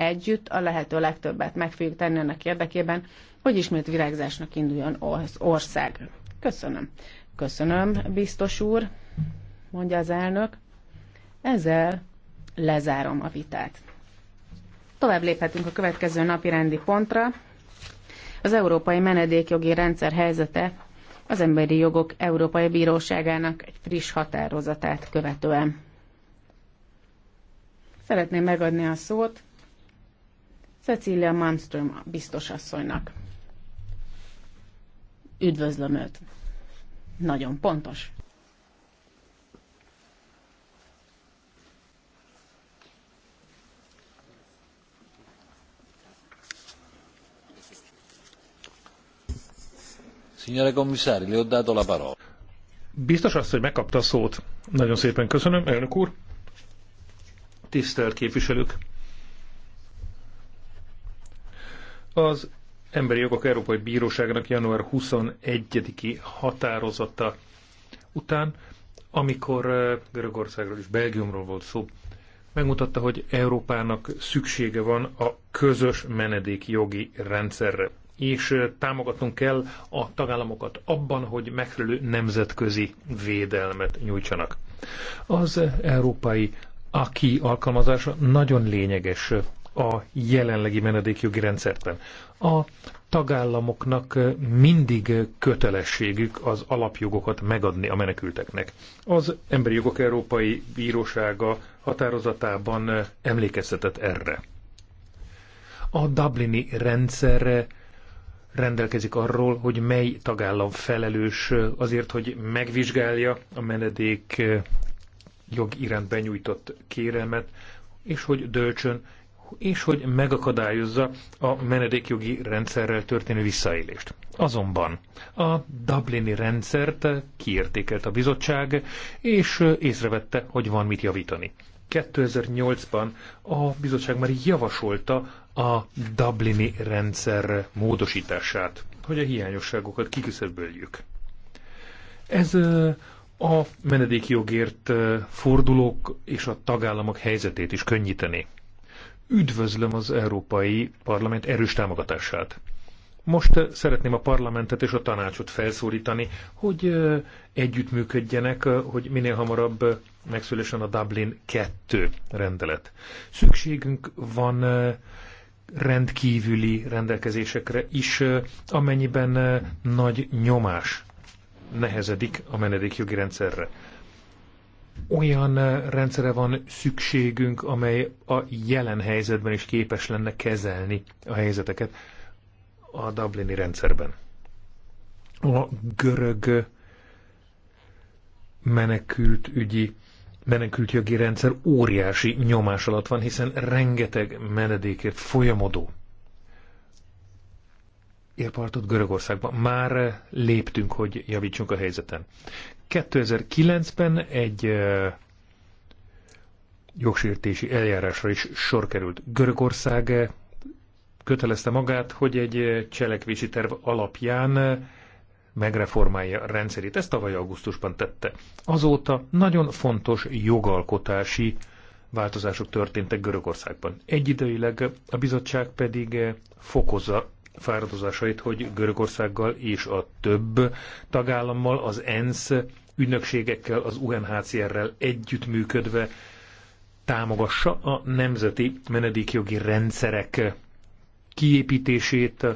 együtt a lehető legtöbbet meg fogjuk tenni annak érdekében, hogy ismét virágzásnak induljon az ország. Köszönöm. Köszönöm, biztos úr, mondja az elnök. Ezzel lezárom a vitát. Tovább léphetünk a következő napi rendi pontra. Az Európai Menedékjogi Rendszer helyzete az Emberi Jogok Európai Bíróságának egy friss határozatát követően. Szeretném megadni a szót Cecilia Malmström biztos asszonynak. Üdvözlöm őt. Nagyon pontos. Signore commissari, le ho dato la parola. Biztos azt, hogy megkapta a szót. Nagyon szépen köszönöm, elnök úr. Tisztelt képviselők! Az Emberi Jogok Európai Bíróságnak január 21-i határozata után, amikor Görögországról és Belgiumról volt szó, megmutatta, hogy Európának szüksége van a közös menedékjogi rendszerre és támogatnunk kell a tagállamokat abban, hogy megfelelő nemzetközi védelmet nyújtsanak. Az európai aki alkalmazása nagyon lényeges a jelenlegi menedékjogi rendszerben. A tagállamoknak mindig kötelességük az alapjogokat megadni a menekülteknek. Az Emberi Jogok Európai Bírósága határozatában emlékeztetett erre. A Dublini rendszer rendelkezik arról, hogy mely tagállam felelős azért, hogy megvizsgálja a menedék jog iránt benyújtott kérelmet, és hogy döltsön, és hogy megakadályozza a menedékjogi rendszerrel történő visszaélést. Azonban a Dublini rendszert kiértékelt a bizottság, és észrevette, hogy van mit javítani. 2008-ban a bizottság már javasolta a Dublini rendszer módosítását, hogy a hiányosságokat kiküszöböljük. Ez a menedékjogért fordulók és a tagállamok helyzetét is könnyíteni. Üdvözlöm az Európai Parlament erős támogatását. Most eh, szeretném a parlamentet és a tanácsot felszólítani, hogy eh, együttműködjenek, eh, hogy minél hamarabb megszülessen a Dublin 2 rendelet. Szükségünk van rendkívüli rendelkezésekre is, amennyiben nagy nyomás nehezedik a menedékjogi rendszerre olyan eh, rendszere van szükségünk, amely a jelen helyzetben is képes lenne kezelni a helyzeteket a Dublini rendszerben. A görög menekült ügyi jogi rendszer óriási nyomás alatt van, hiszen rengeteg menedékért folyamodó érpartot Görögországban. Már eh, léptünk, hogy javítsunk a helyzeten. 2009-ben egy eh, jogsértési eljárásra is sor került. Görögország eh, kötelezte magát, hogy egy cselekvési terv alapján megreformálja a rendszerét. Ezt tavaly augusztusban tette. Azóta nagyon fontos jogalkotási változások történtek Görögországban. Egyidejűleg a bizottság pedig fokozza fáradozásait, hogy Görögországgal és a több tagállammal, az ENSZ ügynökségekkel, az UNHCR-rel együttműködve támogassa a nemzeti menedékjogi rendszerek kiépítését,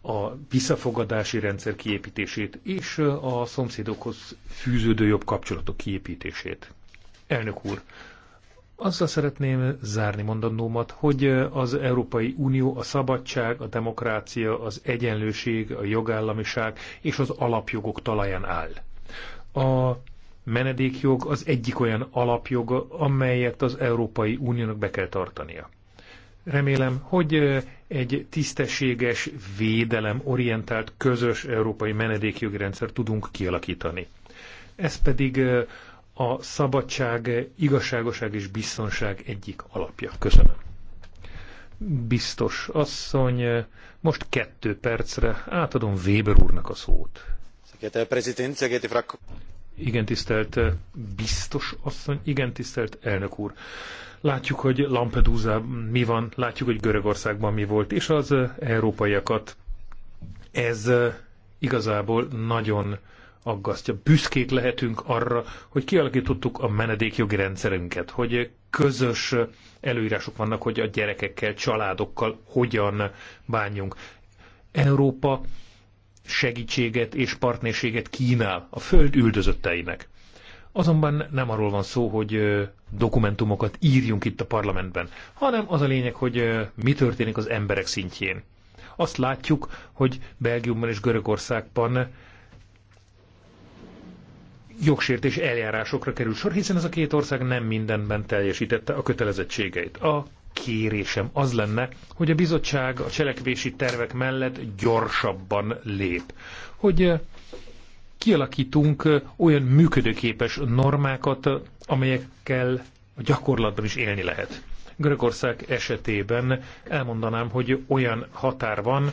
a visszafogadási rendszer kiépítését és a szomszédokhoz fűződő jobb kapcsolatok kiépítését. Elnök úr, azzal szeretném zárni mondandómat, hogy az Európai Unió a szabadság, a demokrácia, az egyenlőség, a jogállamiság és az alapjogok talaján áll. A menedékjog az egyik olyan alapjog, amelyet az Európai Uniónak be kell tartania. Remélem, hogy egy tisztességes, védelem orientált közös európai menedékjogi rendszer tudunk kialakítani. Ez pedig a szabadság, igazságoság és biztonság egyik alapja. Köszönöm. Biztos asszony, most kettő percre átadom Weber úrnak a szót. Igen, tisztelt biztos asszony, igen, tisztelt elnök úr. Látjuk, hogy Lampedusa mi van, látjuk, hogy Görögországban mi volt, és az európaiakat ez igazából nagyon aggasztja. Büszkék lehetünk arra, hogy kialakítottuk a menedékjogi rendszerünket, hogy közös előírások vannak, hogy a gyerekekkel, családokkal hogyan bánjunk. Európa segítséget és partnerséget kínál a föld üldözötteinek. Azonban nem arról van szó, hogy dokumentumokat írjunk itt a parlamentben, hanem az a lényeg, hogy mi történik az emberek szintjén. Azt látjuk, hogy Belgiumban és Görögországban jogsértés eljárásokra kerül sor, hiszen ez a két ország nem mindenben teljesítette a kötelezettségeit. A kérésem az lenne, hogy a bizottság a cselekvési tervek mellett gyorsabban lép. Hogy eh, kialakítunk eh, olyan működőképes normákat, amelyekkel a gyakorlatban is élni lehet. Görögország esetében elmondanám, hogy olyan határ van,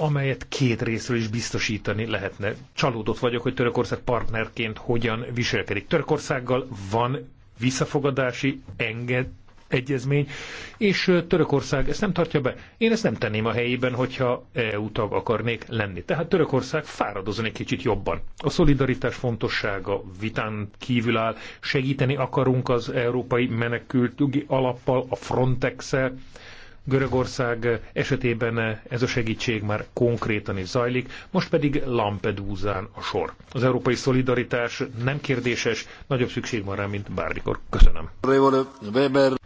amelyet két részről is biztosítani lehetne. Csalódott vagyok, hogy Törökország partnerként hogyan viselkedik. Törökországgal van visszafogadási enged egyezmény, és Törökország ezt nem tartja be. Én ezt nem tenném a helyében, hogyha EU tag akarnék lenni. Tehát Törökország fáradozon egy kicsit jobban. A szolidaritás fontossága vitán kívül áll, segíteni akarunk az európai menekültügyi alappal, a Frontex-el, Görögország esetében ez a segítség már konkrétan is zajlik, most pedig Lampedúzán a sor. Az európai szolidaritás nem kérdéses, nagyobb szükség van rá, mint bármikor. Köszönöm.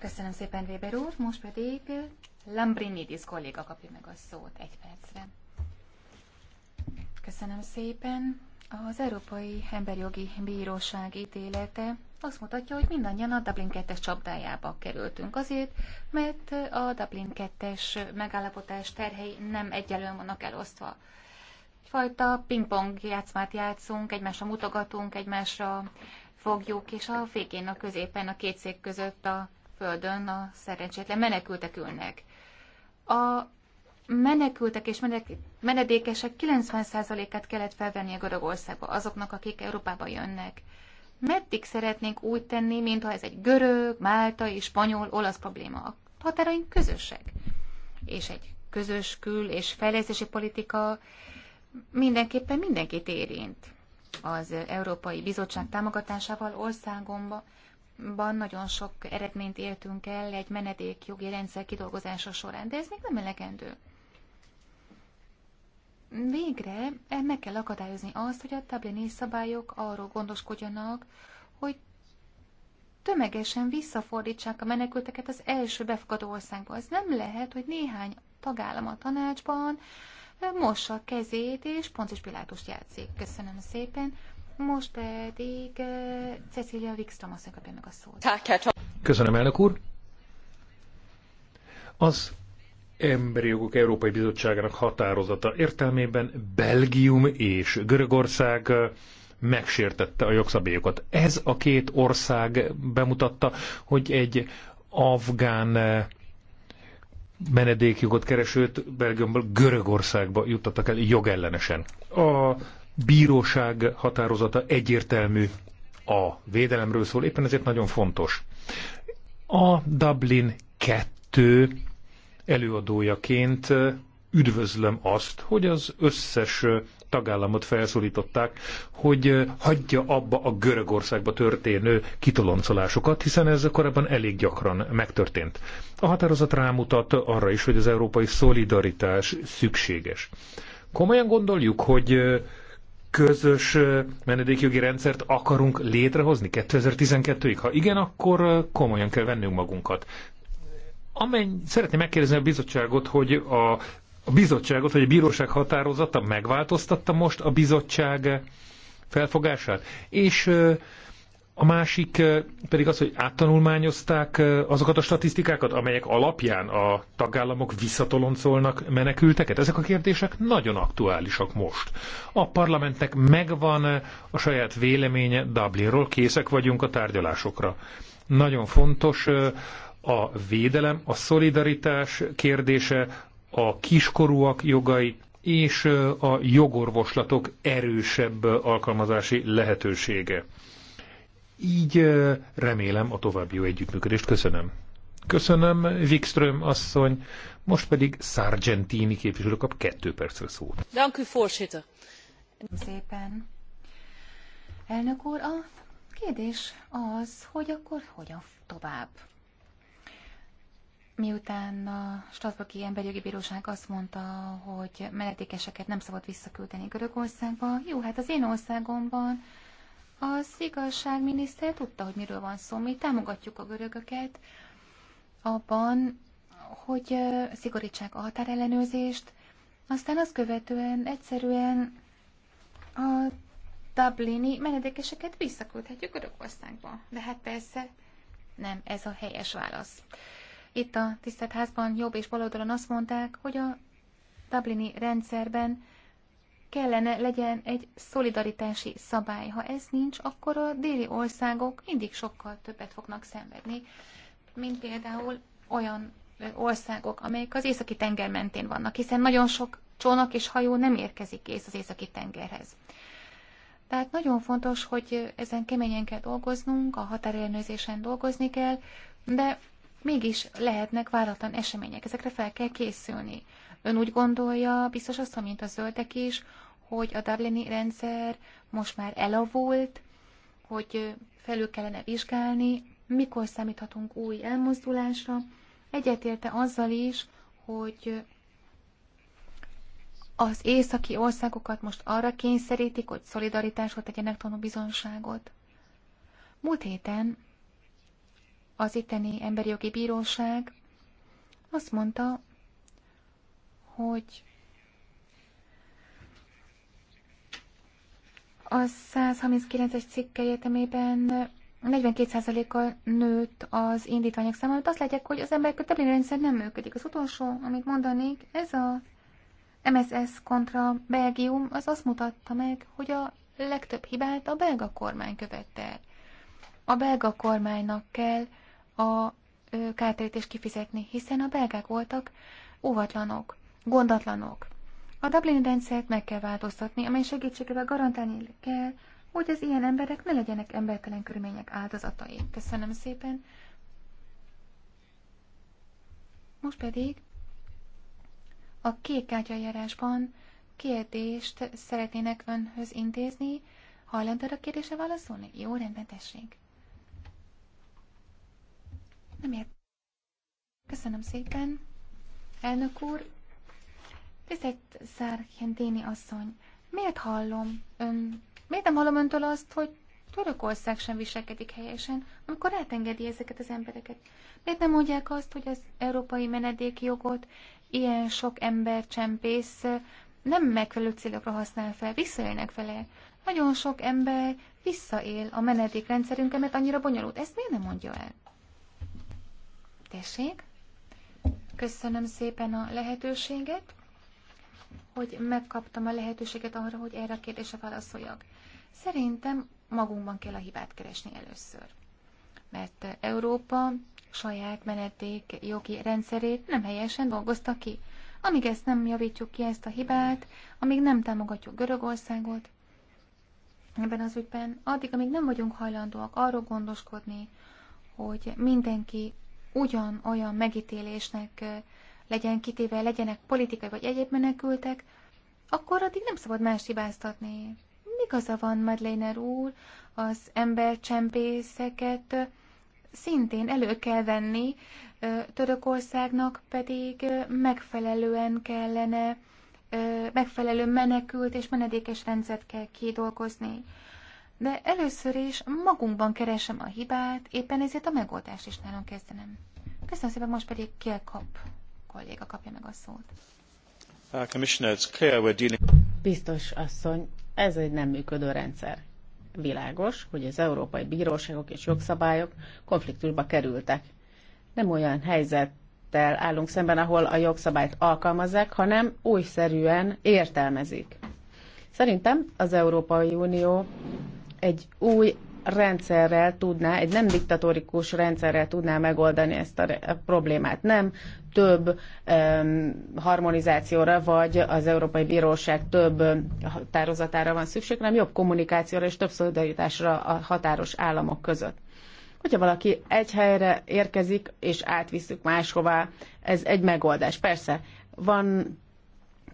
Köszönöm szépen, Weber úr. Most pedig Lambrinidis kolléga kapja meg a szót egy percre. Köszönöm szépen. Az Európai Emberjogi Bíróság ítélete azt mutatja, hogy mindannyian a Dublin 2-es csapdájába kerültünk azért, mert a Dublin 2-es megállapotás terhei nem egyelően vannak elosztva. Egyfajta pingpong játszmát játszunk, egymásra mutogatunk, egymásra fogjuk, és a végén a középen, a két szék között a földön a szerencsétlen menekültek ülnek. A menekültek és menedékesek 90%-át kellett a Görögországba azoknak, akik Európába jönnek. Meddig szeretnénk úgy tenni, mintha ez egy görög, máltai, spanyol, olasz probléma? A határaink közösek. És egy közös kül- és fejlesztési politika mindenképpen mindenkit érint. Az Európai Bizottság támogatásával országomban ban nagyon sok eredményt éltünk el egy menedékjogi rendszer kidolgozása során, de ez még nem elegendő végre eh, meg kell akadályozni azt, hogy a tablini szabályok arról gondoskodjanak, hogy tömegesen visszafordítsák a menekülteket az első befogadó országba. Az nem lehet, hogy néhány tagállam a tanácsban eh, mossa a kezét, és Poncis Pilátust játszik. Köszönöm szépen. Most pedig uh, Cecilia Wikström azt meg a szót. Hát Köszönöm, elnök úr. Az Emberi Jogok Európai Bizottságának határozata értelmében Belgium és Görögország megsértette a jogszabályokat. Ez a két ország bemutatta, hogy egy afgán eh, menedékjogot keresőt Belgiumból Görögországba juttattak el jogellenesen. A bíróság határozata egyértelmű a védelemről szól, éppen ezért nagyon fontos. A Dublin 2 előadójaként üdvözlöm azt, hogy az összes tagállamot felszólították, hogy hagyja abba a Görögországba történő kitoloncolásokat, hiszen ez korábban elég gyakran megtörtént. A határozat rámutat arra is, hogy az európai szolidaritás szükséges. Komolyan gondoljuk, hogy közös menedékjogi rendszert akarunk létrehozni 2012-ig? Ha igen, akkor komolyan kell vennünk magunkat. Amennyi, szeretném megkérdezni a bizottságot, hogy a, a bizottságot, hogy a bíróság határozata megváltoztatta most a bizottság felfogását. És a másik pedig az, hogy áttanulmányozták azokat a statisztikákat, amelyek alapján a tagállamok visszatoloncolnak menekülteket. Ezek a kérdések nagyon aktuálisak most. A parlamentnek megvan a saját véleménye Dublinról, készek vagyunk a tárgyalásokra. Nagyon fontos a védelem, a szolidaritás kérdése, a kiskorúak jogai és a jogorvoslatok erősebb alkalmazási lehetősége. Így remélem a további jó együttműködést. Köszönöm. Köszönöm, Wikström asszony. Most pedig Sargentini képviselő kap kettő percre szót. Dank u, Szépen. Elnök úr, a kérdés az, hogy akkor hogyan tovább? Miután a Strasbourgi Emberjogi Bíróság azt mondta, hogy menedékeseket nem szabad visszaküldeni Görögországba, jó, hát az én országomban az igazságminiszter tudta, hogy miről van szó. Mi támogatjuk a görögöket abban, hogy szigorítsák a határellenőrzést, aztán azt követően egyszerűen a Dublini menedékeseket visszaküldhetjük Görögországba. De hát persze nem ez a helyes válasz. Itt a tisztelt házban jobb és baloldalon azt mondták, hogy a Dublini rendszerben kellene legyen egy szolidaritási szabály. Ha ez nincs, akkor a déli országok mindig sokkal többet fognak szenvedni, mint például olyan országok, amelyek az északi tenger mentén vannak, hiszen nagyon sok csónak és hajó nem érkezik ész az északi tengerhez. Tehát nagyon fontos, hogy ezen keményen kell dolgoznunk, a határellenőrzésen dolgozni kell, de mégis lehetnek váratlan események, ezekre fel kell készülni. Ön úgy gondolja, biztos azt, mint a zöldek is, hogy a Dublini rendszer most már elavult, hogy felül kellene vizsgálni, mikor számíthatunk új elmozdulásra. Egyetérte azzal is, hogy az északi országokat most arra kényszerítik, hogy szolidaritásot tegyenek bizonságot. Múlt héten az itteni emberi jogi bíróság azt mondta, hogy a 139-es cikk egyetemében 42%-kal nőtt az indítványok száma, mert azt látják, hogy az emberek többi rendszer nem működik. Az utolsó, amit mondanék, ez a MSS kontra Belgium, az azt mutatta meg, hogy a legtöbb hibát a belga kormány követte el. A belga kormánynak kell a kártérítést kifizetni, hiszen a belgák voltak óvatlanok, gondatlanok. A dublin rendszert meg kell változtatni, amely segítségével garantálni kell, hogy az ilyen emberek ne legyenek embertelen körülmények áldozatai. Köszönöm szépen. Most pedig a kék kártyajárásban kérdést szeretnének önhöz intézni. Hajlandó a kérdése válaszolni? Jó, rendben, tessék. Nem ért. Köszönöm szépen. Elnök úr, tisztelt Szárkentini asszony, miért hallom ön, miért nem hallom öntől azt, hogy Törökország sem viselkedik helyesen, amikor átengedi ezeket az embereket? Miért nem mondják azt, hogy az európai menedékjogot ilyen sok ember csempész nem megfelelő célokra használ fel, visszaélnek vele. Nagyon sok ember visszaél a menedékrendszerünket, mert annyira bonyolult. Ezt miért nem mondja el? Tessék! Köszönöm szépen a lehetőséget, hogy megkaptam a lehetőséget arra, hogy erre a kérdésre válaszoljak. Szerintem magunkban kell a hibát keresni először. Mert Európa saját meneték jogi rendszerét nem helyesen dolgozta ki. Amíg ezt nem javítjuk ki, ezt a hibát, amíg nem támogatjuk Görögországot, ebben az ügyben, addig, amíg nem vagyunk hajlandóak arról gondoskodni, hogy mindenki olyan megítélésnek legyen kitéve, legyenek politikai vagy egyéb menekültek, akkor addig nem szabad más hibáztatni. Igaza van Madlener úr, az embercsempészeket szintén elő kell venni, Törökországnak pedig megfelelően kellene, megfelelő menekült és menedékes rendszert kell kidolgozni de először is magunkban keresem a hibát, éppen ezért a megoldást is nálam kezdenem. Köszönöm szépen, most pedig kell Kap kolléga kapja meg a szót. Uh, Biztos asszony, ez egy nem működő rendszer. Világos, hogy az európai bíróságok és jogszabályok konfliktusba kerültek. Nem olyan helyzettel állunk szemben, ahol a jogszabályt alkalmazzák, hanem újszerűen értelmezik. Szerintem az Európai Unió egy új rendszerrel tudná, egy nem diktatórikus rendszerrel tudná megoldani ezt a, problémát. Nem több um, harmonizációra, vagy az Európai Bíróság több határozatára van szükség, hanem jobb kommunikációra és több szolidaritásra a határos államok között. Hogyha valaki egy helyre érkezik, és átviszük máshová, ez egy megoldás. Persze, van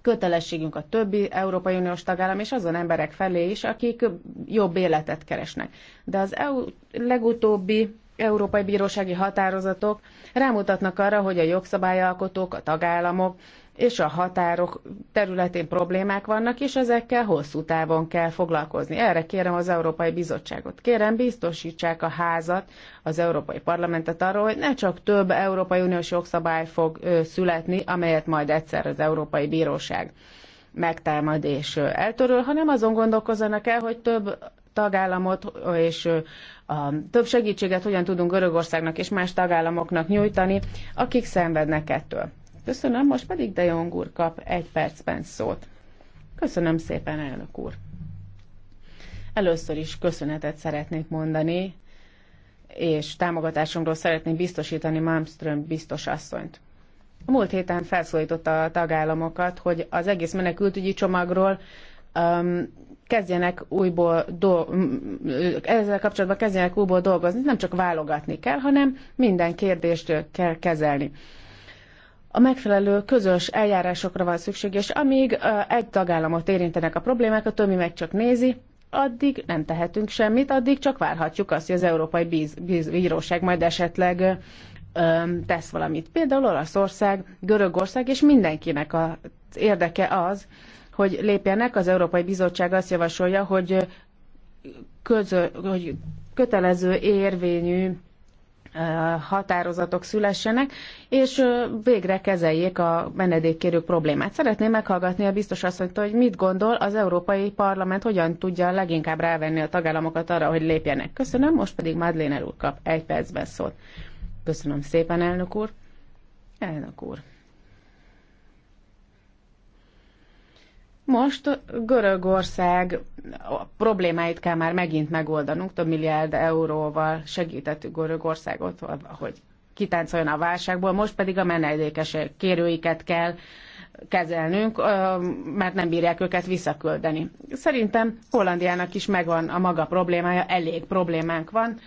kötelességünk a többi Európai Uniós tagállam és azon emberek felé is, akik jobb életet keresnek. De az EU legutóbbi Európai Bírósági Határozatok rámutatnak arra, hogy a jogszabályalkotók, a tagállamok és a határok területén problémák vannak, és ezekkel hosszú távon kell foglalkozni. Erre kérem az Európai Bizottságot. Kérem, biztosítsák a házat, az Európai Parlamentet arról, hogy ne csak több Európai Uniós jogszabály fog születni, amelyet majd egyszer az Európai Bíróság megtámad és eltöröl, hanem azon gondolkozzanak el, hogy több tagállamot és a több segítséget hogyan tudunk Görögországnak és más tagállamoknak nyújtani, akik szenvednek ettől. Köszönöm, most pedig De Jong úr kap egy percben szót. Köszönöm szépen, elnök úr. Először is köszönetet szeretnék mondani, és támogatásomról szeretném biztosítani Malmström biztos asszonyt. A múlt héten felszólította a tagállamokat, hogy az egész menekültügyi csomagról um, kezdjenek újból do- ezzel kapcsolatban kezdjenek újból dolgozni, nem csak válogatni kell, hanem minden kérdést kell kezelni a megfelelő közös eljárásokra van szükség, és amíg egy tagállamot érintenek a problémák, a többi meg csak nézi, addig nem tehetünk semmit, addig csak várhatjuk azt, hogy az Európai Bíz, Bíz, Bíróság majd esetleg tesz valamit. Például Olaszország, Görögország, és mindenkinek az érdeke az, hogy lépjenek. Az Európai Bizottság azt javasolja, hogy, közö, hogy kötelező érvényű határozatok szülessenek, és végre kezeljék a menedékkérők problémát. Szeretném meghallgatni a biztos asszonyt, hogy mit gondol az Európai Parlament, hogyan tudja leginkább rávenni a tagállamokat arra, hogy lépjenek. Köszönöm, most pedig Madlén úr kap egy percben szót. Köszönöm szépen, elnök úr. Elnök úr. Most Görögország problémáit kell már megint megoldanunk, több milliárd euróval segítettük Görögországot, hogy kitáncoljon a válságból, most pedig a menedékesek kérőiket kell kezelnünk, mert nem bírják őket visszaküldeni. Szerintem Hollandiának is megvan a maga problémája, elég problémánk van,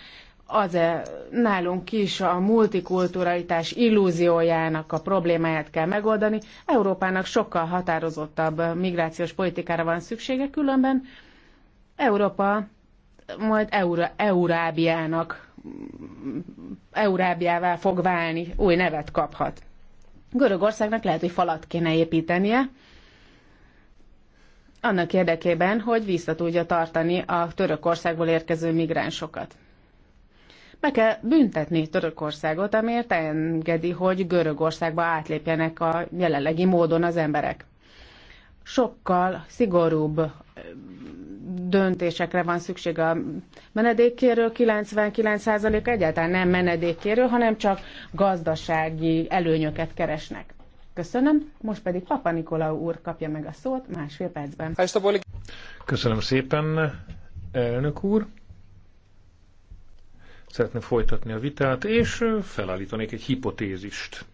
az -e, nálunk is a multikulturalitás illúziójának a problémáját kell megoldani. Európának sokkal határozottabb migrációs politikára van szüksége, különben Európa majd Eurá, Eurábiának, Eurábiává fog válni, új nevet kaphat. Görögországnak lehet, hogy falat kéne építenie, annak érdekében, hogy vissza tudja tartani a Törökországból érkező migránsokat. Meg kell büntetni Törökországot, amiért engedi, hogy Görögországba átlépjenek a jelenlegi módon az emberek. Sokkal szigorúbb döntésekre van szükség a menedékkérő 99% egyáltalán nem menedékkérő, hanem csak gazdasági előnyöket keresnek. Köszönöm, most pedig Papa Nikolau úr kapja meg a szót másfél percben. Köszönöm szépen, elnök úr szeretne folytatni a vitát, és felállítanék egy hipotézist.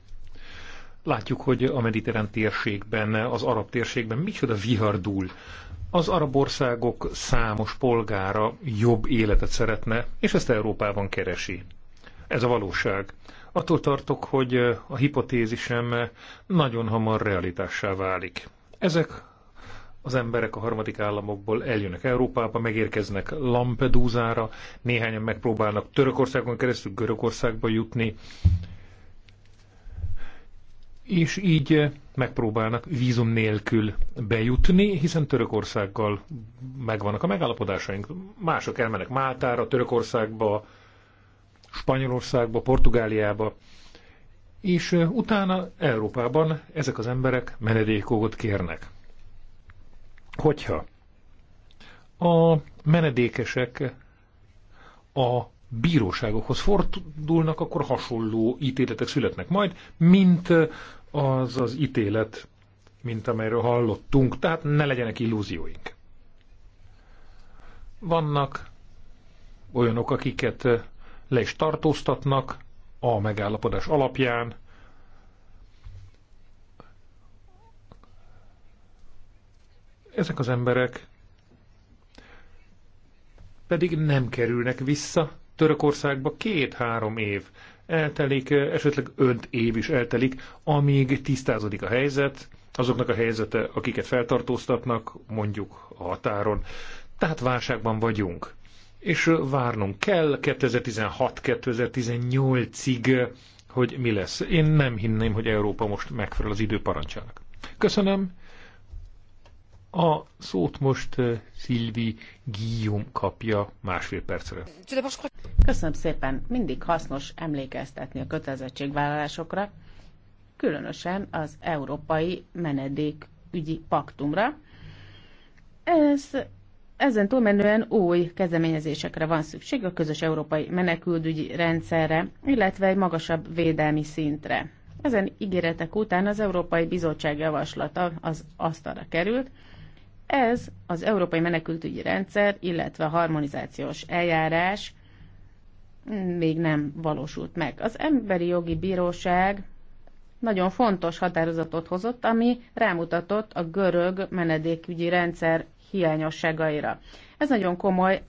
Látjuk, hogy a mediterrán térségben, az arab térségben micsoda vihardul. Az arab országok számos polgára jobb életet szeretne, és ezt Európában keresi. Ez a valóság. Attól tartok, hogy a hipotézisem nagyon hamar realitássá válik. Ezek az emberek a harmadik államokból eljönnek Európába, megérkeznek Lampedúzára, néhányan megpróbálnak Törökországon keresztül Görögországba jutni, és így megpróbálnak vízum nélkül bejutni, hiszen Törökországgal megvannak a megállapodásaink. Mások elmennek Máltára, Törökországba, Spanyolországba, Portugáliába, és utána Európában ezek az emberek menedékjogot kérnek. Hogyha a menedékesek a bíróságokhoz fordulnak, akkor hasonló ítéletek születnek majd, mint az az ítélet, mint amelyről hallottunk, tehát ne legyenek illúzióink. Vannak olyanok, akiket le is tartóztatnak a megállapodás alapján, Ezek az emberek pedig nem kerülnek vissza Törökországba két-három év. Eltelik, esetleg öt év is eltelik, amíg tisztázódik a helyzet, azoknak a helyzete, akiket feltartóztatnak, mondjuk a határon. Tehát válságban vagyunk. És várnunk kell 2016-2018-ig, hogy mi lesz. Én nem hinném, hogy Európa most megfelel az idő parancsának. Köszönöm. A szót most Szilvi Guillaume kapja másfél percre. Köszönöm szépen. Mindig hasznos emlékeztetni a kötelezettségvállalásokra, különösen az Európai Menedékügyi Paktumra. Ez, ezen túlmenően új kezdeményezésekre van szükség a közös európai menekültügyi rendszerre, illetve egy magasabb védelmi szintre. Ezen ígéretek után az Európai Bizottság javaslata az asztalra került, ez az európai menekültügyi rendszer, illetve a harmonizációs eljárás még nem valósult meg. Az Emberi Jogi Bíróság nagyon fontos határozatot hozott, ami rámutatott a görög menedékügyi rendszer hiányosságaira. Ez nagyon komoly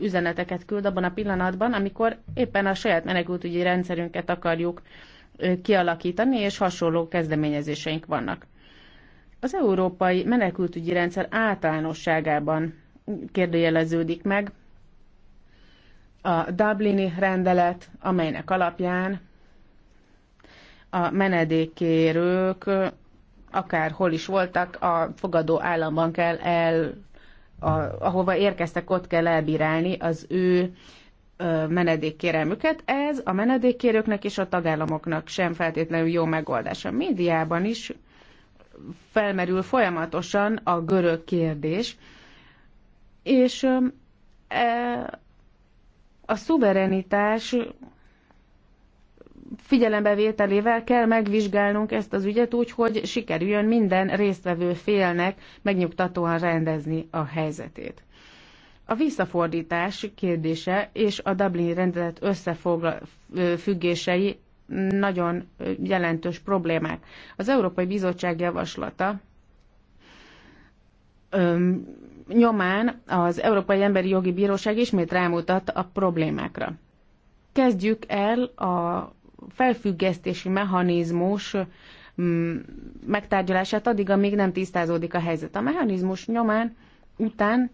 üzeneteket küld abban a pillanatban, amikor éppen a saját menekültügyi rendszerünket akarjuk kialakítani, és hasonló kezdeményezéseink vannak. Az európai menekültügyi rendszer általánosságában kérdőjeleződik meg a Dublini rendelet, amelynek alapján a menedékkérők akárhol is voltak, a fogadó államban kell el, a, ahova érkeztek, ott kell elbírálni az ő menedékkérelmüket. Ez a menedékkérőknek és a tagállamoknak sem feltétlenül jó megoldás. A médiában is felmerül folyamatosan a görög kérdés, és e, a szuverenitás figyelembevételével kell megvizsgálnunk ezt az ügyet úgy, hogy sikerüljön minden résztvevő félnek megnyugtatóan rendezni a helyzetét. A visszafordítás kérdése és a Dublin rendelet összefüggései nagyon jelentős problémák. Az Európai Bizottság javaslata öm, nyomán az Európai Emberi Jogi Bíróság ismét rámutat a problémákra. Kezdjük el a felfüggesztési mechanizmus megtárgyalását addig, amíg nem tisztázódik a helyzet. A mechanizmus nyomán után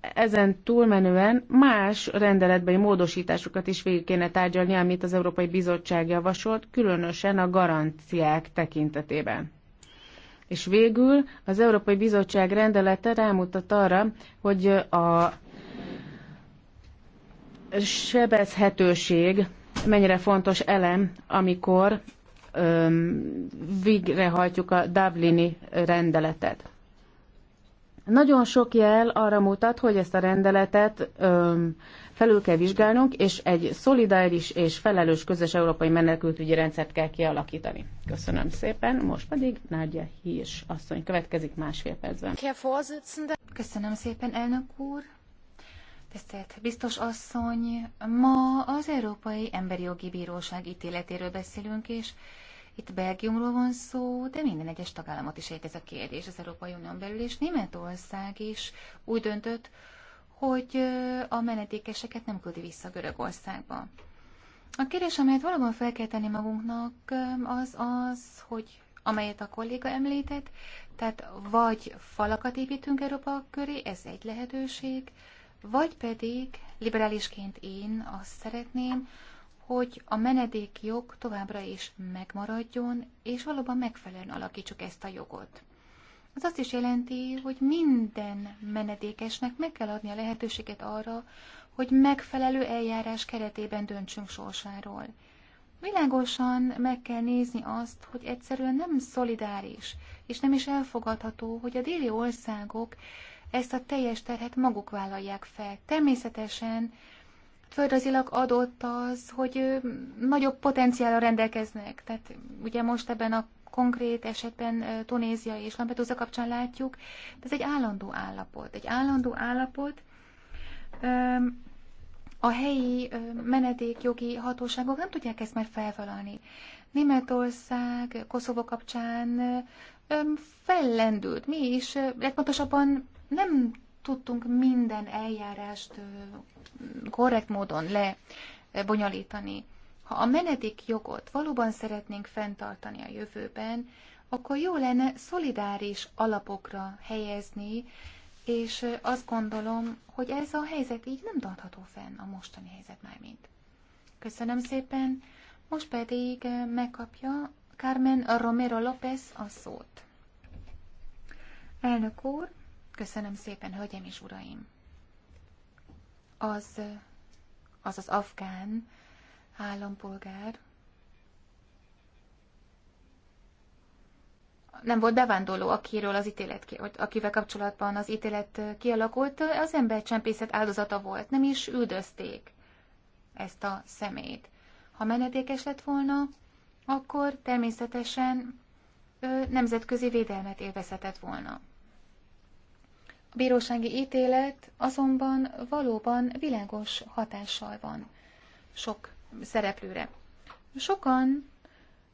ezen túlmenően más rendeletbeli módosításokat is végig kéne tárgyalni, amit az Európai Bizottság javasolt, különösen a garanciák tekintetében. És végül az Európai Bizottság rendelete rámutat arra, hogy a sebezhetőség mennyire fontos elem, amikor öm, végrehajtjuk a Dublini rendeletet. Nagyon sok jel arra mutat, hogy ezt a rendeletet öm, felül kell vizsgálnunk, és egy szolidáris és felelős közös európai menekültügyi rendszert kell kialakítani. Köszönöm szépen, most pedig Nádja Hírs asszony következik másfél percben. Köszönöm szépen, elnök úr. Tisztelt biztos asszony, ma az Európai Emberi Jogi Bíróság ítéletéről beszélünk, és itt Belgiumról van szó, de minden egyes tagállamot is ért ez a kérdés az Európai Unión belül, és Németország is úgy döntött, hogy a menedékeseket nem küldi vissza Görögországba. A kérdés, amelyet valóban fel kell tenni magunknak, az az, hogy amelyet a kolléga említett, tehát vagy falakat építünk Európa köré, ez egy lehetőség, vagy pedig liberálisként én azt szeretném, hogy a menedékjog továbbra is megmaradjon, és valóban megfelelően alakítsuk ezt a jogot. Ez azt is jelenti, hogy minden menedékesnek meg kell adni a lehetőséget arra, hogy megfelelő eljárás keretében döntsünk sorsáról. Világosan meg kell nézni azt, hogy egyszerűen nem szolidáris, és nem is elfogadható, hogy a déli országok ezt a teljes terhet maguk vállalják fel. Természetesen földrajzilag adott az, hogy nagyobb potenciállal rendelkeznek. Tehát ugye most ebben a konkrét esetben Tunézia és Lampedusa kapcsán látjuk, de ez egy állandó állapot. Egy állandó állapot. A helyi menedékjogi hatóságok nem tudják ezt már felvalani. Németország, Koszovó kapcsán fellendült. Mi is, legpontosabban nem tudtunk minden eljárást korrekt módon lebonyolítani. Ha a jogot valóban szeretnénk fenntartani a jövőben, akkor jó lenne szolidáris alapokra helyezni, és azt gondolom, hogy ez a helyzet így nem tartható fenn, a mostani helyzet már mint. Köszönöm szépen, most pedig megkapja Carmen Romero López a szót. Elnök úr, Köszönöm szépen, hölgyeim és uraim! Az, az az afgán állampolgár nem volt bevándorló, akiről az ítélet, akivel kapcsolatban az ítélet kialakult, az ember csempészet áldozata volt, nem is üldözték ezt a szemét. Ha menedékes lett volna, akkor természetesen nemzetközi védelmet élvezhetett volna. A bírósági ítélet azonban valóban világos hatással van sok szereplőre. Sokan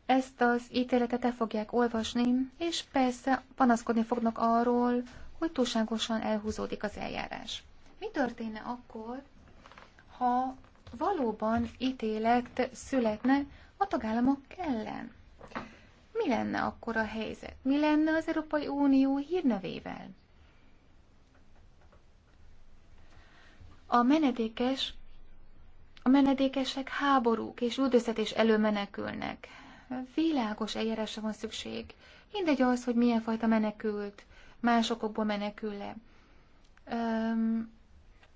ezt az ítéletet el fogják olvasni, és persze panaszkodni fognak arról, hogy túlságosan elhúzódik az eljárás. Mi történne akkor, ha valóban ítélet születne a tagállamok ellen? Mi lenne akkor a helyzet? Mi lenne az Európai Unió hírnevével? A menedékes, a menedékesek háborúk és üldözetés elől menekülnek. Világos eljárásra van szükség. Mindegy az, hogy milyen fajta menekült, másokból menekül-e.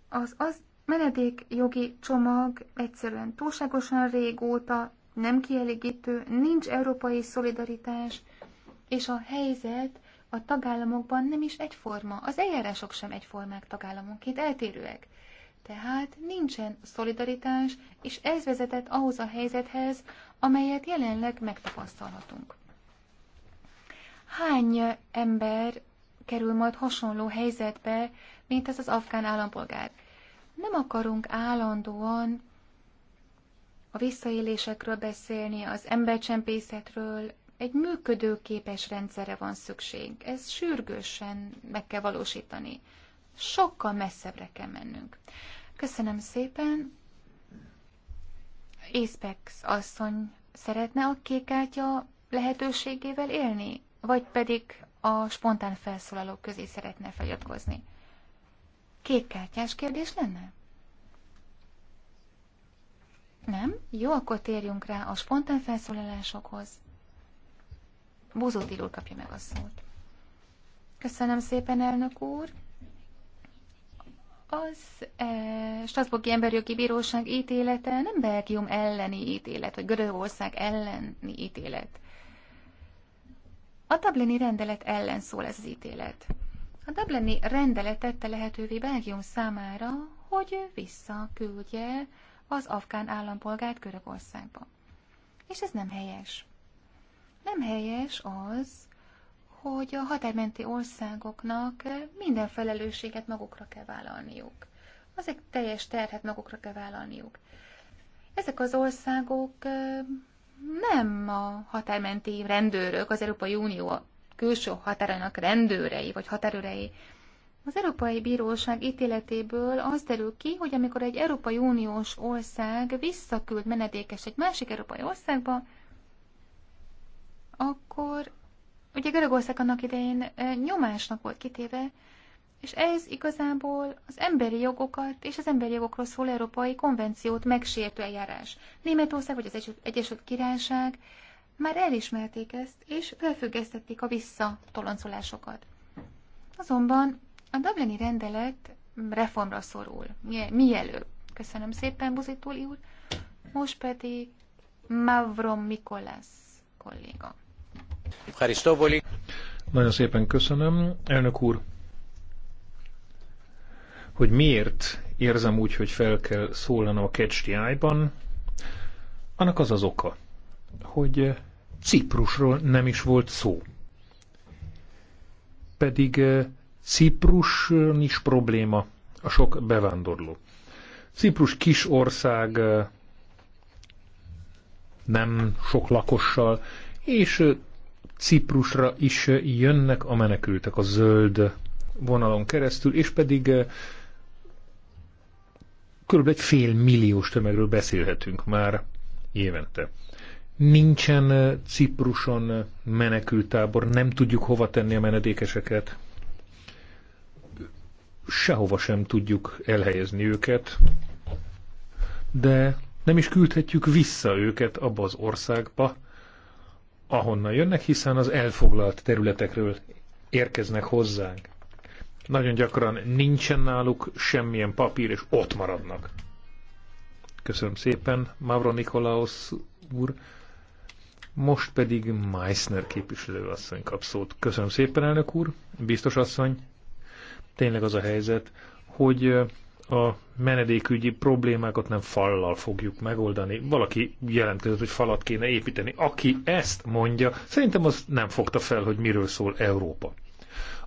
Az, az menedékjogi csomag egyszerűen túlságosan régóta nem kielégítő, nincs európai szolidaritás, és a helyzet a tagállamokban nem is egyforma. Az eljárások sem egyformák tagállamonként, eltérőek. Tehát nincsen szolidaritás, és ez vezetett ahhoz a helyzethez, amelyet jelenleg megtapasztalhatunk. Hány ember kerül majd hasonló helyzetbe, mint ez az afgán állampolgár? Nem akarunk állandóan a visszaélésekről beszélni, az embercsempészetről, egy működőképes rendszerre van szükség. Ez sürgősen meg kell valósítani sokkal messzebbre kell mennünk. Köszönöm szépen. Észpex asszony szeretne a kékátya lehetőségével élni, vagy pedig a spontán felszólalók közé szeretne feliratkozni. Kékkártyás kérdés lenne? Nem? Jó, akkor térjünk rá a spontán felszólalásokhoz. Búzó kapja meg a szót. Köszönöm szépen, elnök úr. Az e, Strasburgi Emberjogi Bíróság ítélete nem Belgium elleni ítélet, vagy Görögország elleni ítélet. A Dublini rendelet ellen szól ez az ítélet. A Dublini rendelet tette lehetővé Belgium számára, hogy visszaküldje az afgán állampolgárt Görögországba. És ez nem helyes. Nem helyes az, hogy a határmenti országoknak minden felelősséget magukra kell vállalniuk. Azek teljes terhet magukra kell vállalniuk. Ezek az országok nem a határmenti rendőrök, az Európai Unió külső határának rendőrei vagy határőrei. Az Európai Bíróság ítéletéből az derül ki, hogy amikor egy Európai Uniós ország visszaküld menedékes egy másik európai országba, Ugye Görögország annak idején nyomásnak volt kitéve, és ez igazából az emberi jogokat és az emberi jogokról szól európai konvenciót megsértő eljárás. Németország vagy az Egyesült Királyság már elismerték ezt, és felfüggesztették a visszatoloncolásokat. Azonban a Dublini rendelet reformra szorul. Mielőbb. Köszönöm szépen, Buzitúli úr. Most pedig Mavrom Mikolász kolléga. Nagyon szépen köszönöm, elnök úr, hogy miért érzem úgy, hogy fel kell szólanom a KCTI-ban. Annak az az oka, hogy Ciprusról nem is volt szó. Pedig eh, Ciprus is probléma a sok bevándorló. Ciprus kis ország, eh, nem sok lakossal, és eh, Ciprusra is jönnek a menekültek a zöld vonalon keresztül, és pedig eh, körülbelül egy fél milliós tömegről beszélhetünk már évente. Nincsen eh, Cipruson menekültábor, nem tudjuk hova tenni a menedékeseket. Sehova sem tudjuk elhelyezni őket, de nem is küldhetjük vissza őket abba az országba, ahonnan jönnek, hiszen az elfoglalt területekről érkeznek hozzánk. Nagyon gyakran nincsen náluk semmilyen papír, és ott maradnak. Köszönöm szépen, Mavro Nikolaos úr. Most pedig Meissner asszony kap szót. Köszönöm szépen, elnök úr, biztos asszony. Tényleg az a helyzet, hogy a menedékügyi problémákat nem fallal fogjuk megoldani. Valaki jelentkezett, hogy falat kéne építeni. Aki ezt mondja, szerintem az nem fogta fel, hogy miről szól Európa.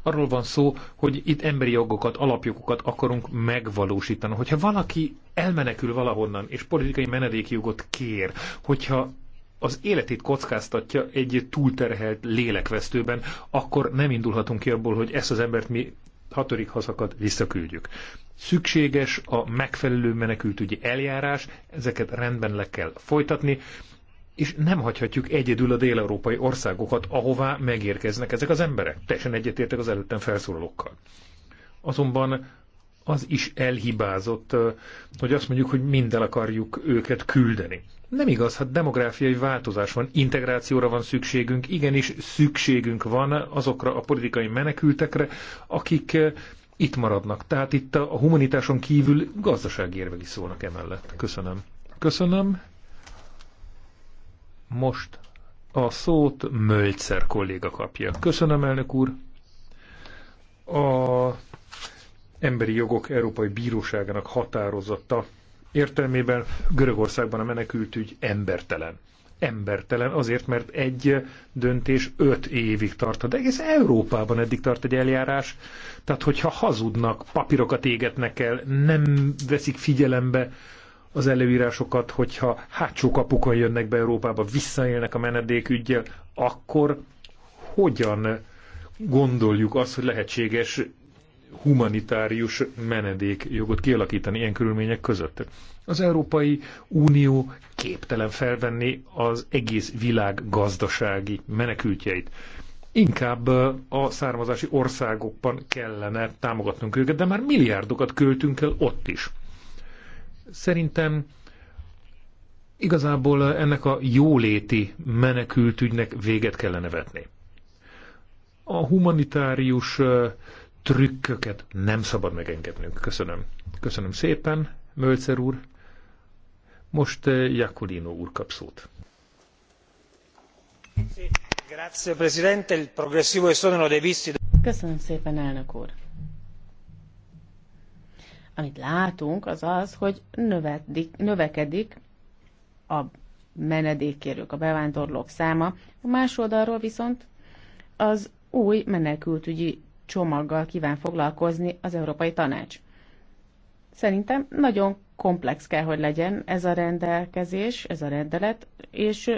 Arról van szó, hogy itt emberi jogokat, alapjogokat akarunk megvalósítani. Hogyha valaki elmenekül valahonnan, és politikai menedékjogot kér, hogyha az életét kockáztatja egy túlterhelt lélekvesztőben, akkor nem indulhatunk ki abból, hogy ezt az embert mi hatodik hazakat visszaküldjük szükséges a megfelelő menekültügyi eljárás, ezeket rendben le kell folytatni, és nem hagyhatjuk egyedül a dél-európai országokat, ahová megérkeznek ezek az emberek. Teljesen egyetértek az előttem felszólalókkal. Azonban az is elhibázott, hogy azt mondjuk, hogy minden akarjuk őket küldeni. Nem igaz, hát demográfiai változás van, integrációra van szükségünk, igenis szükségünk van azokra a politikai menekültekre, akik itt maradnak. Tehát itt a humanitáson kívül gazdasági érvek is szólnak emellett. Köszönöm. Köszönöm. Most a szót Mölcer kolléga kapja. Köszönöm, elnök úr. A Emberi Jogok Európai Bíróságának határozata értelmében Görögországban a menekültügy embertelen embertelen, azért, mert egy döntés öt évig tart. De egész Európában eddig tart egy eljárás. Tehát, hogyha hazudnak, papírokat égetnek el, nem veszik figyelembe az előírásokat, hogyha hátsó kapukon jönnek be Európába, visszaélnek a menedékügyjel, akkor hogyan gondoljuk azt, hogy lehetséges humanitárius menedékjogot kialakítani ilyen körülmények között. Az Európai Unió képtelen felvenni az egész világ gazdasági menekültjeit. Inkább a származási országokban kellene támogatnunk őket, de már milliárdokat költünk el ott is. Szerintem igazából ennek a jóléti menekültügynek véget kellene vetni. A humanitárius trükköket nem szabad megengednünk. Köszönöm. Köszönöm szépen, Mölcer úr. Most Jakolino eh, úr kap szót. Köszönöm szépen, elnök úr. Amit látunk, az az, hogy növedik, növekedik a menedékkérők, a bevándorlók száma, a más oldalról viszont az új menekültügyi csomaggal kíván foglalkozni az Európai Tanács. Szerintem nagyon komplex kell, hogy legyen ez a rendelkezés, ez a rendelet, és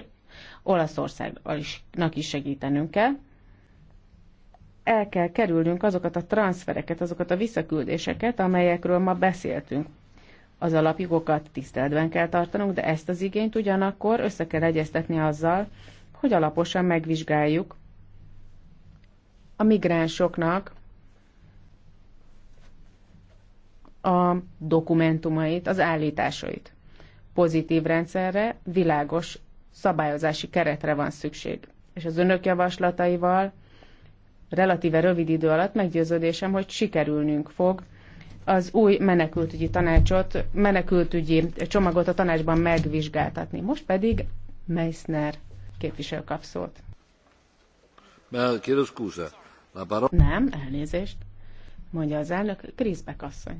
Olaszországnak is segítenünk kell. El kell kerülnünk azokat a transfereket, azokat a visszaküldéseket, amelyekről ma beszéltünk. Az alapjogokat tiszteletben kell tartanunk, de ezt az igényt ugyanakkor össze kell egyeztetni azzal, hogy alaposan megvizsgáljuk a migránsoknak a dokumentumait, az állításait. Pozitív rendszerre, világos szabályozási keretre van szükség. És az önök javaslataival relatíve rövid idő alatt meggyőződésem, hogy sikerülnünk fog az új menekültügyi tanácsot, menekültügyi csomagot a tanácsban megvizsgáltatni. Most pedig Meissner képviselő kap szót. Kérdez nem, elnézést, mondja az elnök, Griszbek asszony.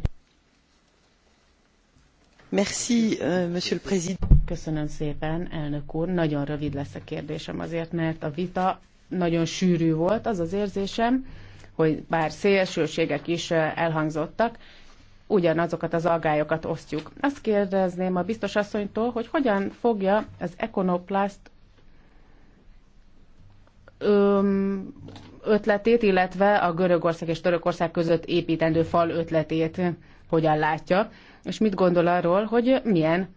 Merci, euh, monsieur le président. Köszönöm szépen, elnök úr. Nagyon rövid lesz a kérdésem azért, mert a vita nagyon sűrű volt, az az érzésem, hogy bár szélsőségek is euh, elhangzottak, ugyanazokat az aggályokat osztjuk. Azt kérdezném a biztos asszonytól, hogy hogyan fogja az Econoplast ötletét, illetve a Görögország és Törökország között építendő fal ötletét hogyan látja, és mit gondol arról, hogy milyen,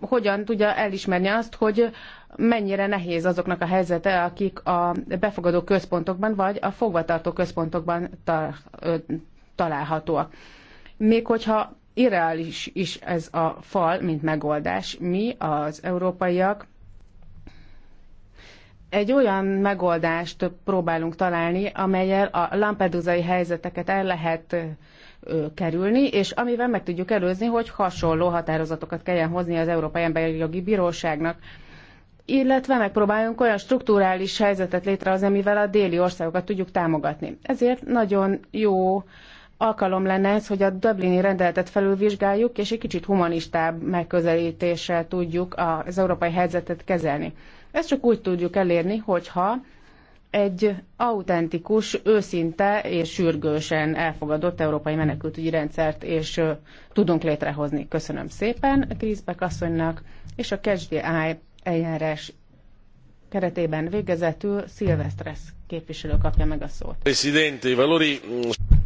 hogyan tudja elismerni azt, hogy mennyire nehéz azoknak a helyzete, akik a befogadó központokban vagy a fogvatartó központokban ta, ö, találhatóak. Még hogyha irreális is ez a fal, mint megoldás, mi az európaiak egy olyan megoldást próbálunk találni, amelyel a lampedusai helyzeteket el lehet kerülni, és amivel meg tudjuk előzni, hogy hasonló határozatokat kelljen hozni az Európai Emberi Jogi Bíróságnak, illetve megpróbáljunk olyan strukturális helyzetet létrehozni, amivel a déli országokat tudjuk támogatni. Ezért nagyon jó alkalom lenne ez, hogy a Dublini rendeletet felülvizsgáljuk, és egy kicsit humanistább megközelítéssel tudjuk az európai helyzetet kezelni. Ezt csak úgy tudjuk elérni, hogyha egy autentikus, őszinte és sürgősen elfogadott európai menekültügyi rendszert és tudunk létrehozni. Köszönöm szépen a Kriszbek asszonynak, és a KSDI eljárás keretében végezetül Szilvesztresz képviselő kapja meg a szót.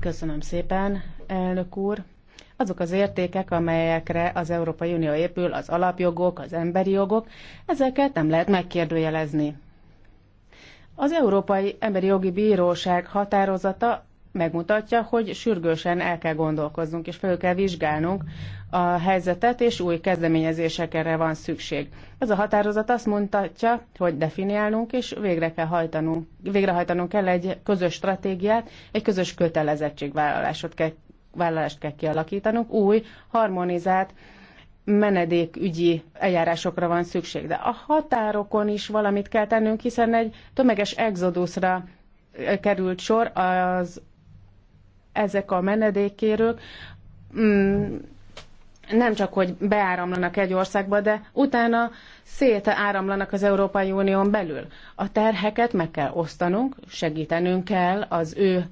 Köszönöm szépen, elnök úr azok az értékek, amelyekre az Európai Unió épül, az alapjogok, az emberi jogok, ezeket nem lehet megkérdőjelezni. Az Európai Emberi Jogi Bíróság határozata megmutatja, hogy sürgősen el kell gondolkoznunk, és fel kell vizsgálnunk a helyzetet, és új kezdeményezésekre van szükség. Ez a határozat azt mutatja, hogy definiálnunk és végre kell hajtanunk, végrehajtanunk kell egy közös stratégiát, egy közös kötelezettségvállalásot kell vállalást kell kialakítanunk, új, harmonizált menedékügyi eljárásokra van szükség. De a határokon is valamit kell tennünk, hiszen egy tömeges exodusra került sor az ezek a menedékkérők mm, nem csak, hogy beáramlanak egy országba, de utána szétáramlanak az Európai Unión belül. A terheket meg kell osztanunk, segítenünk kell az ő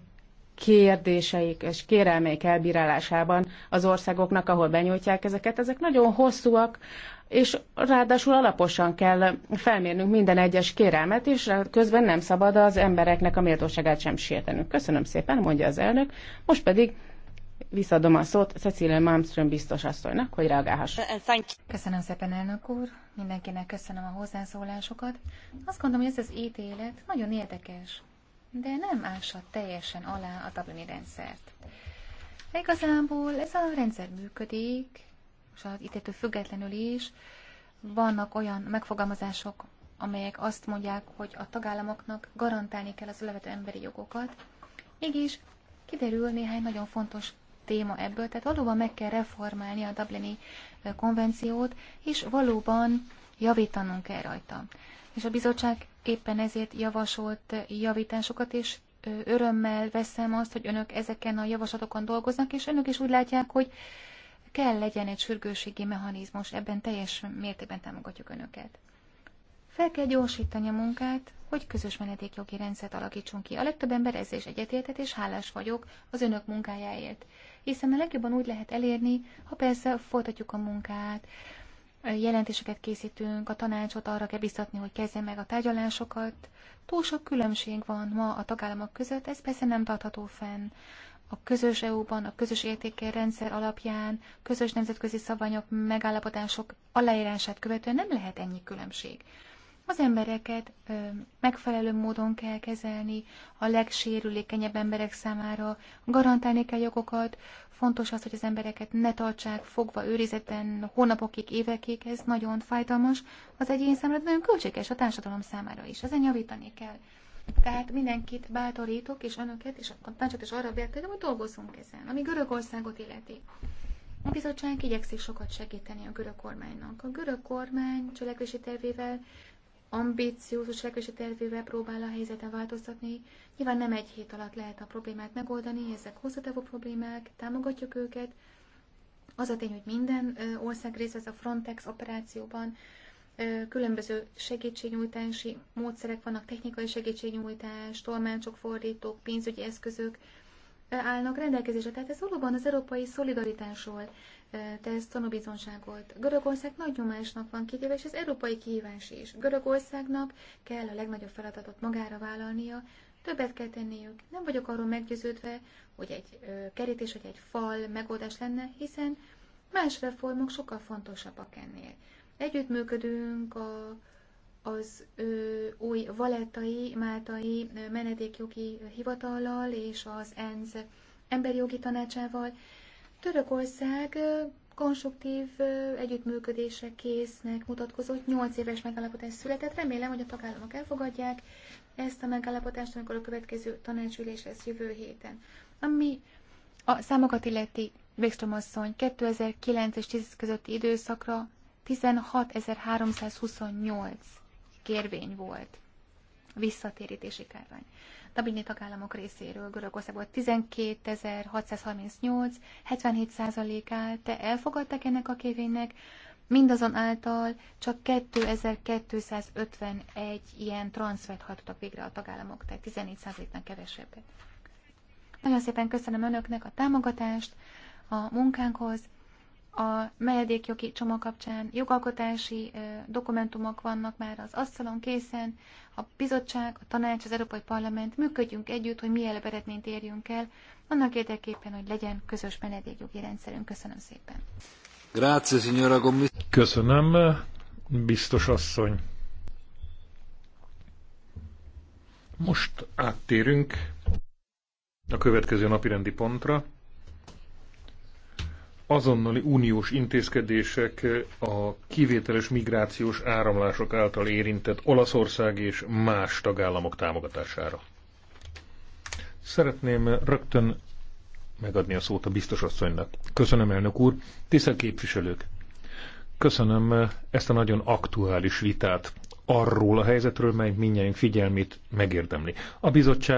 kérdéseik és kérelmeik elbírálásában az országoknak, ahol benyújtják ezeket. Ezek nagyon hosszúak, és ráadásul alaposan kell felmérnünk minden egyes kérelmet, és közben nem szabad az embereknek a méltóságát sem sértenünk. Köszönöm szépen, mondja az elnök. Most pedig visszadom a szót Cecilia Malmström biztos asszonynak, hogy reagálhasson. Uh, köszönöm szépen, elnök úr. Mindenkinek köszönöm a hozzászólásokat. Azt gondolom, hogy ez az ítélet nagyon érdekes de nem ássa teljesen alá a Dublini rendszert. Igazából ez a rendszer működik, és az ítétől függetlenül is vannak olyan megfogalmazások, amelyek azt mondják, hogy a tagállamoknak garantálni kell az alapvető emberi jogokat. Mégis kiderül néhány nagyon fontos téma ebből, tehát valóban meg kell reformálni a Dublini konvenciót, és valóban javítanunk kell rajta. És a bizottság Éppen ezért javasolt javításokat, és örömmel veszem azt, hogy önök ezeken a javaslatokon dolgoznak, és önök is úgy látják, hogy kell legyen egy sürgőségi mechanizmus, ebben teljes mértékben támogatjuk önöket. Fel kell gyorsítani a munkát, hogy közös menedékjogi rendszert alakítsunk ki. A legtöbb ember ezzel is egyetértett, és hálás vagyok az önök munkájáért. Hiszen a legjobban úgy lehet elérni, ha persze folytatjuk a munkát, jelentéseket készítünk, a tanácsot arra kell biztatni, hogy kezdjen meg a tárgyalásokat. Túl sok különbség van ma a tagállamok között, ez persze nem tartható fenn. A közös EU-ban, a közös értékelrendszer alapján, közös nemzetközi szabványok, megállapodások aláírását követően nem lehet ennyi különbség. Az embereket megfelelő módon kell kezelni, a legsérülékenyebb emberek számára garantálni kell jogokat. Fontos az, hogy az embereket ne tartsák fogva őrizetben hónapokig, évekig, ez nagyon fájdalmas. Az egyén számára nagyon költséges a társadalom számára is, ezen javítani kell. Tehát mindenkit bátorítok, és önöket, és a tanácsot is arra bértelem, hogy dolgozzunk ezen, ami Görögországot illeti. A bizottság igyekszik sokat segíteni a görög kormánynak. A görög kormány cselekvési tervével ambíciózus fekvési tervével próbál a helyzeten változtatni. Nyilván nem egy hét alatt lehet a problémát megoldani, ezek hosszatávú problémák, támogatjuk őket. Az a tény, hogy minden ország rész az a Frontex operációban, különböző segítségnyújtási módszerek vannak, technikai segítségnyújtás, tolmácsok, fordítók, pénzügyi eszközök állnak rendelkezésre. Tehát ez valóban az európai szolidaritásról, tesz tanúbizonságot. Görögország nagy nyomásnak van kitéve, és ez európai kihívás is. Görögországnak kell a legnagyobb feladatot magára vállalnia, többet kell tenniük. Nem vagyok arról meggyőződve, hogy egy kerítés vagy egy fal megoldás lenne, hiszen más reformok sokkal fontosabbak ennél. Együttműködünk a, az ö, új valettai, máltai menedékjogi hivatallal és az ENSZ emberi jogi tanácsával. Törökország konstruktív együttműködésre késznek mutatkozott, 8 éves megállapodás született. Remélem, hogy a tagállamok elfogadják ezt a megállapodást, amikor a következő tanácsülés lesz jövő héten. Ami a számokat illeti Végström asszony 2009 és 10 közötti időszakra 16.328 kérvény volt visszatérítési kárvány. Tabini tagállamok részéről Görögországból 12.638, 77%-át elfogadták ennek a kérvénynek, mindazonáltal csak 2251 ilyen transzvet hajtottak végre a tagállamok, tehát 14%-nál kevesebbet. Nagyon szépen köszönöm Önöknek a támogatást a munkánkhoz a menedékjogi csomag kapcsán jogalkotási dokumentumok vannak már az asztalon készen, a bizottság, a tanács, az Európai Parlament működjünk együtt, hogy mielőbb eredményt érjünk el, annak érdekében, hogy legyen közös menedékjogi rendszerünk. Köszönöm szépen. Grazie, signora Köszönöm, biztos asszony. Most áttérünk a következő napirendi pontra azonnali uniós intézkedések a kivételes migrációs áramlások által érintett Olaszország és más tagállamok támogatására. Szeretném rögtön megadni a szót a biztosasszonynak. Köszönöm, elnök úr. Tisztelt képviselők! Köszönöm ezt a nagyon aktuális vitát arról a helyzetről, mely mindjárt figyelmét megérdemli. A bizottság